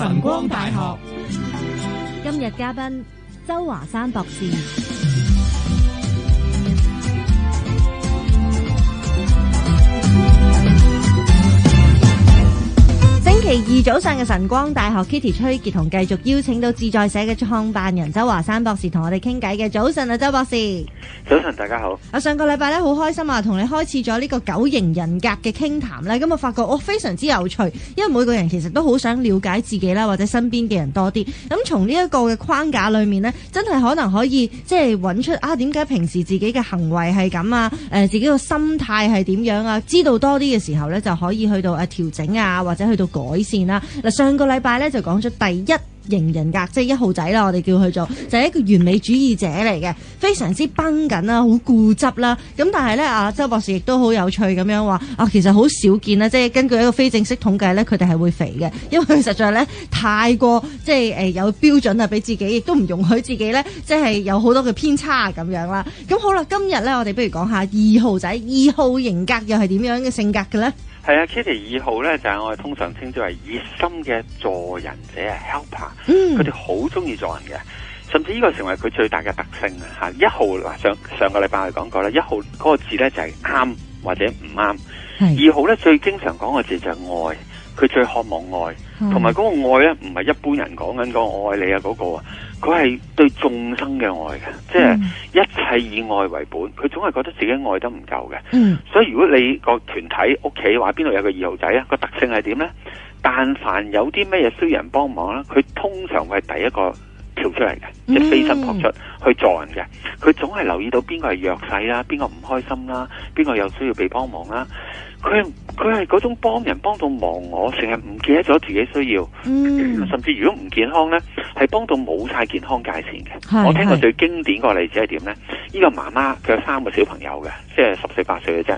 晨光大學，今日嘉賓周華山博士。二早上嘅晨光大學 Kitty 崔杰同，繼續邀請到自在社嘅創辦人周華山博士同我哋傾偈嘅，早晨啊，周博士，早晨大家好。啊，上個禮拜咧好開心啊，同你開始咗呢個九型人格嘅傾談咧，咁啊發覺我非常之有趣，因為每個人其實都好想了解自己啦，或者身邊嘅人多啲。咁從呢一個嘅框架裏面呢，真係可能可以即係揾出啊，點解平時自己嘅行為係咁啊？誒，自己個心態係點樣啊？知道多啲嘅時候呢，就可以去到啊調整啊，或者去到改善。啦，嗱上個禮拜咧就講咗第一型人格，即係一號仔啦，我哋叫佢做就係一個完美主義者嚟嘅，非常之崩緊啦，好固執啦。咁但係咧啊，周博士亦都好有趣咁樣話啊，其實好少見啦，即係根據一個非正式統計咧，佢哋係會肥嘅，因為佢實在咧太過即係誒有標準啊，俾自己亦都唔容許自己咧，即係有好多嘅偏差咁樣啦。咁好啦，今日咧我哋不如講下二號仔，二號型格又係點樣嘅性格嘅咧？係啊，Kitty 二號咧就係、是、我哋通常稱之為熱心嘅助人者啊，helper，佢哋好中意助人嘅，甚至呢個成為佢最大嘅特性。吓一號嗱上上個禮拜我哋講過啦，一號嗰個字咧就係、是、啱或者唔啱，mm. 二號咧最經常講嘅字就係愛，佢最渴望愛。同埋嗰個愛咧，唔係一般人講緊講我愛你啊嗰個啊，佢係對眾生嘅愛嘅，即係一切以愛為本。佢總係覺得自己愛得唔夠嘅，所以如果你個團體屋企話邊度有個二號仔啊，個特性係點呢？但凡有啲咩嘢需要人幫忙啦，佢通常會係第一個跳出嚟嘅，即係飛身撲出去助人嘅，佢總係留意到邊個係弱勢啦，邊個唔開心啦，邊個有需要被幫忙啦，佢佢係嗰種幫人幫到忘我，成日唔記得咗自己需要，嗯、甚至如果唔健康呢，係幫到冇晒健康界線嘅。我聽過最經典個例子係點呢？呢個媽媽佢有三個小朋友嘅，即係十四八歲嘅啫。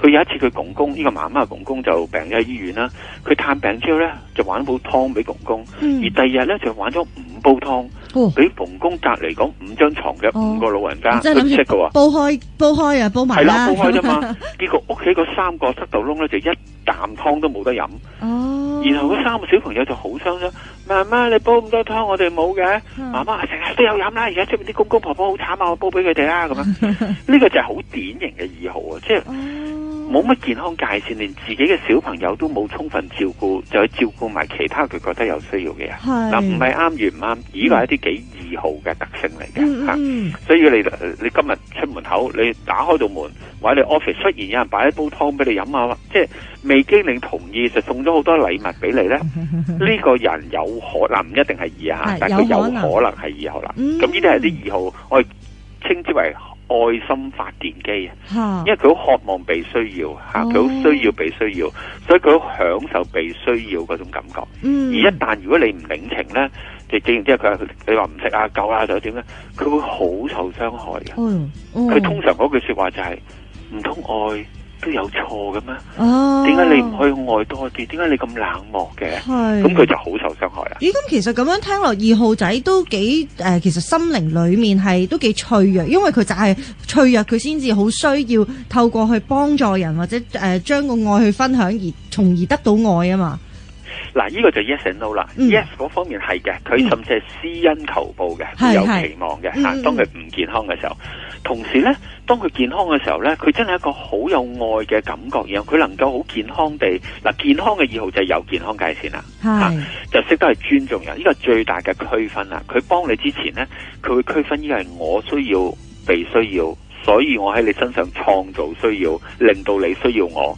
佢有一次佢公公，呢個媽媽嘅公公就病咗喺醫院啦。佢探病之後呢，就玩咗碗湯俾公公，嗯，而第二日呢，就玩咗。煲湯俾馮工隔籬嚟講，五張床嘅五個老人家，即係諗住煲開煲開啊煲埋係啦煲開啫嘛， 結果屋企個三個塞到窿咧，就一啖湯都冇得飲。哦，然後個三個小朋友就好傷心，哦，媽媽你煲咁多湯我哋冇嘅，媽媽成日都有飲啦，而家出面啲公公婆婆好慘啊，我煲俾佢哋啊咁樣，呢 個就係好典型嘅二號啊，即係。哦冇乜健康界線，連自己嘅小朋友都冇充分照顧，就去照顧埋其他佢覺得有需要嘅人。嗱，唔係啱與唔啱，而係一啲幾二號嘅特性嚟嘅吓。所以你你今日出門口，你打開度門，或者 office 突然有人擺一煲湯俾你飲啊，即係未經你同意就送咗好多禮物俾你咧，呢，嗯嗯嗯，呢個人有可能，唔一定係二號，但係佢有可能係二號啦。咁呢啲係啲二號，我哋稱之為，愛心發電機啊，因為佢好渴望被需要吓，佢好需要被需要，所以佢好享受被需要嗰種感覺。而一旦如果你唔領情呢，就係然之後佢話，你話唔食啊夠啦，或者點咧，佢會好受傷害嘅。佢通常嗰句說話就係唔通愛都有錯嘅咩？哦，點解你唔可以愛多啲？點解你咁冷漠嘅？係，咁佢就好受傷害啦！咦，咁其實咁樣聽落，二號仔都幾誒、呃，其實心靈裏面係都幾脆弱，因為佢就係脆弱，佢先至好需要透過去幫助人或者誒，將、呃、個愛去分享，而從而得到愛啊嘛。嗱，呢個就 yes and no 啦，嗯。yes 嗰方面係嘅，佢甚至係施恩求報嘅，佢有期望嘅吓。當佢唔健康嘅時候，嗯，同時咧，當佢健康嘅時候咧，佢真係一個好有愛嘅感覺嘢。佢能夠好健康地嗱，健康嘅二號就係有健康界線啦，吓，啊，就識得係尊重人。呢、呢個最大嘅區分啦，佢幫你之前咧，佢會區分呢個係我需要、被需要，所以我喺你身上創造需要，令到你需要我。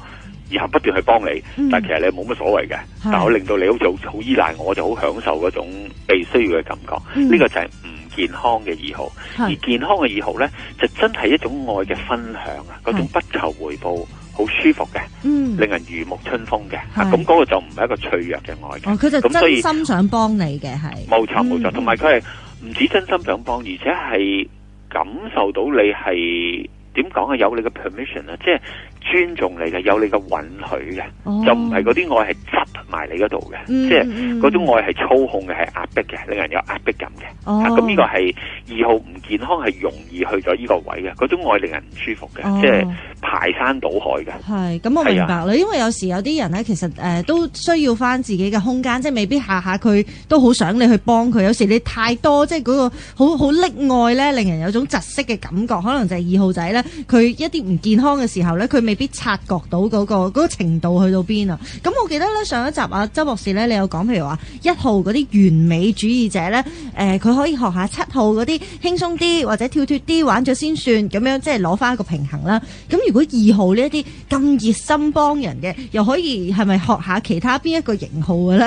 然後不斷去幫你、嗯，但其實你冇乜所謂嘅，但我令到你好似好依賴我，就好享受嗰種被需要嘅感覺。呢、嗯呢個就係唔健康嘅二號，而健康嘅二號呢，就真係一種愛嘅分享啊，嗰種不求回報，好舒服嘅、嗯，令人如沐春風嘅。吓，咁、啊、嗰、嗰個就唔係一個脆弱嘅愛佢、哦、就真心想幫你嘅，係冇錯冇錯，同埋佢係唔止真心想幫、嗯，而且係感受到你係點講啊，有你嘅 permission 啊、就是，即係。尊重你嘅，有你嘅允許嘅，oh. 就唔係嗰啲愛係執埋你嗰度嘅，mm -hmm. 即係嗰種愛係操控嘅，係壓迫嘅，令人有壓迫感嘅。哦、oh. 啊，咁呢個係二號唔健康，係容易去咗呢個位嘅，嗰種愛令人唔舒服嘅，oh. 即係。排山倒海㗎，係咁我明白啦、啊。因為有時有啲人呢，其實誒、呃、都需要翻自己嘅空間，即係未必下下佢都好想你去幫佢。有時你太多，即係嗰個好好溺愛呢，令人有種窒息嘅感覺。可能就係二號仔呢，佢一啲唔健康嘅時候呢，佢未必察覺到嗰、嗰個嗰、嗰個、程度去到邊啊。咁我記得呢，上一集阿周博士呢，你有講譬如話一號嗰啲完美主義者呢，誒、呃、佢可以學下七號嗰啲輕鬆啲或者跳脱啲玩咗先算，咁樣即係攞翻一個平衡啦。咁如果二號呢一啲咁熱心幫人嘅，又可以係咪學下其他邊一個型號嘅咧？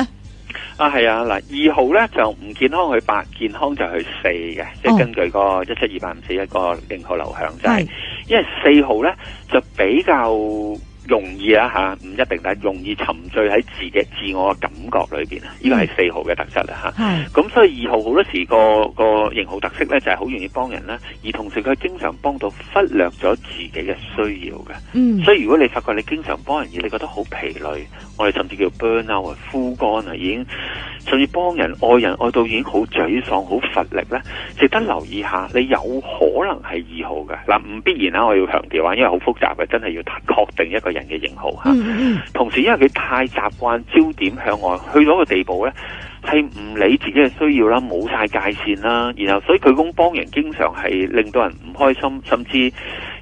啊，係啊，嗱，二號咧就唔健康去八，健康就去四嘅，哦，即係根據個一七二八五四一個型號流向，就是，就係因為四號咧就比較。容易啊吓，唔一定，但係容易沉醉喺自己自我嘅感覺裏邊、mm. 啊，呢個係四號嘅特質啊吓。咁，所以二號好多時候、那個個型號特色咧，就係、是、好容易幫人啦，而同時佢經常幫到忽略咗自己嘅需要嘅。嗯、mm.，所以如果你發覺你經常幫人而你覺得好疲累，我哋甚至叫 burn out 啊，枯乾啊，已經甚至幫人愛人愛到已經好沮喪、好乏力咧，值得留意一下，你有可能係二號嘅嗱，唔必然啦，我要強調啊，因為好複雜嘅，真係要確定一個人嘅型號吓，同時因為佢太習慣焦點向外，去到個地步呢，係唔理自己嘅需要啦，冇晒界線啦，然後所以佢咁幫人經常係令到人唔開心，甚至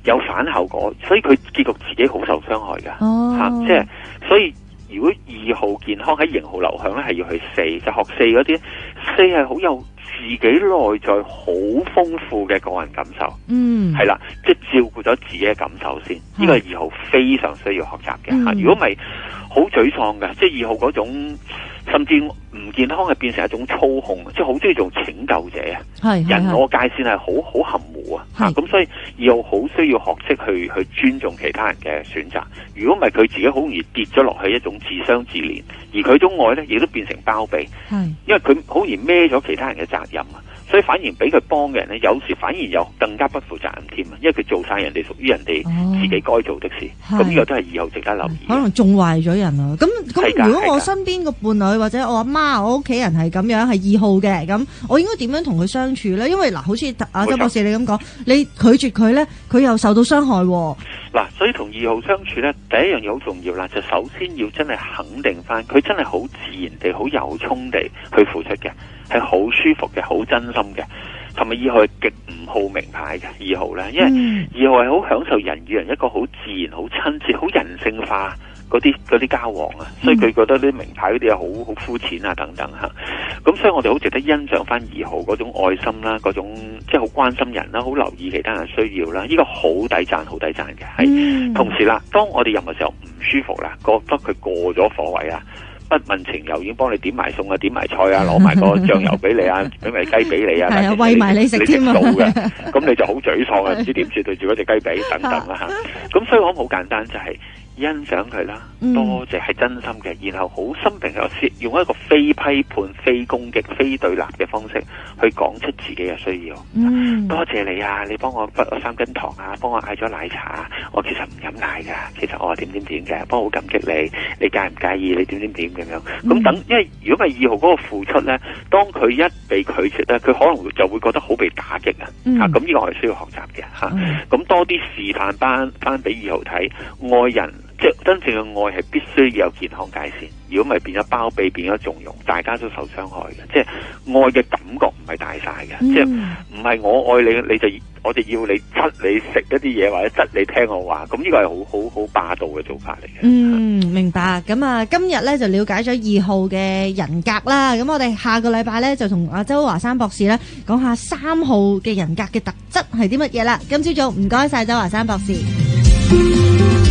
有反效果，所以佢結局自己好受傷害㗎，吓、oh.，即係所以如果二號健康喺型號流向呢，係要去四，就學四嗰啲，四係好有。自己內在好豐富嘅個人感受，嗯，係啦，即係照顧咗自己嘅感受先，呢個係二號非常需要學習嘅吓，如果唔係好沮喪嘅，即係二號嗰種甚至。唔健康係變成一種操控，即係好中意做拯救者啊！係人我界線係好好含糊啊！吓咁、啊，所以又好需要學識去去尊重其他人嘅選擇。如果唔係，佢自己好容易跌咗落去一種自傷自憐，而佢種愛咧，亦都變成包庇，是是因為佢好容易孭咗其他人嘅責任啊！所以反而俾佢幫嘅人咧，有時反而又更加不負責任添啊！因為佢做晒人哋屬於人哋自己該做的事，咁呢個都係以後值得留意。可能仲壞咗人啦，啊。咁咁，如果我身邊個伴侶或者我阿媽、我屋企人係咁樣係二號嘅，咁我應該點樣同佢相處呢？因為嗱，好似阿周博士你咁講，你拒絕佢呢，佢又受到傷害。嗱，所以同二號相處呢，第一樣嘢好重要啦，就首先要真係肯定翻，佢真係好自然地、好由衷地去付出嘅。係好舒服嘅，好真心嘅，同埋二號係極唔好名牌嘅二號呢，因為二號係好享受人與人一個好自然、好親切、好人性化嗰啲嗰啲交往啊，所以佢覺得啲名牌嗰啲係好好膚淺啊等等吓，咁所以我哋好值得欣賞翻二號嗰種愛心啦，嗰種即係好關心人啦，好留意其他人嘅需要啦，呢個好抵讚，好抵讚嘅係。同時啦，當我哋任何時候唔舒服啦，覺得佢過咗火位啦問情又已經幫你點埋餸啊，點埋菜啊，攞埋個醬油俾你啊，俾埋雞俾你啊，係 啊，餵埋你食到嘛。咁你就好沮喪啊，唔知點算對住嗰隻雞髀等等啦嚇。咁所以我講好簡單就係、是。欣賞佢啦，多謝係真心嘅、嗯，然後好心平，有用一個非批判、非攻擊、非對立嘅方式去講出自己嘅需要、嗯。多謝你啊，你幫我剝咗三根糖啊，幫我嗌咗奶茶。我其實唔飲奶噶，其實我點點點嘅，不過好感激你。你介唔介意？你點點點咁樣。咁、嗯、等，因為如果係二號嗰個付出呢，當佢一被拒絕呢，佢可能就會覺得好被打擊、嗯、啊。咁、這、呢個係需要學習嘅吓。咁、嗯啊、多啲示範翻翻俾二號睇，愛人。即真正嘅愛係必須要有健康界線，如果唔係變咗包庇，變咗縱容，大家都受傷害嘅。即係愛嘅感覺唔係大晒嘅。嗯，即係唔係我愛你，你就我就要你執你食一啲嘢，或者執你聽我話，咁呢個係好好好霸道嘅做法嚟嘅。嗯，明白。咁啊，今日咧就了解咗二號嘅人格啦。咁我哋下個禮拜咧就同阿周華山博士咧講下三號嘅人格嘅特質係啲乜嘢啦。今朝早唔該晒，謝謝周華山博士。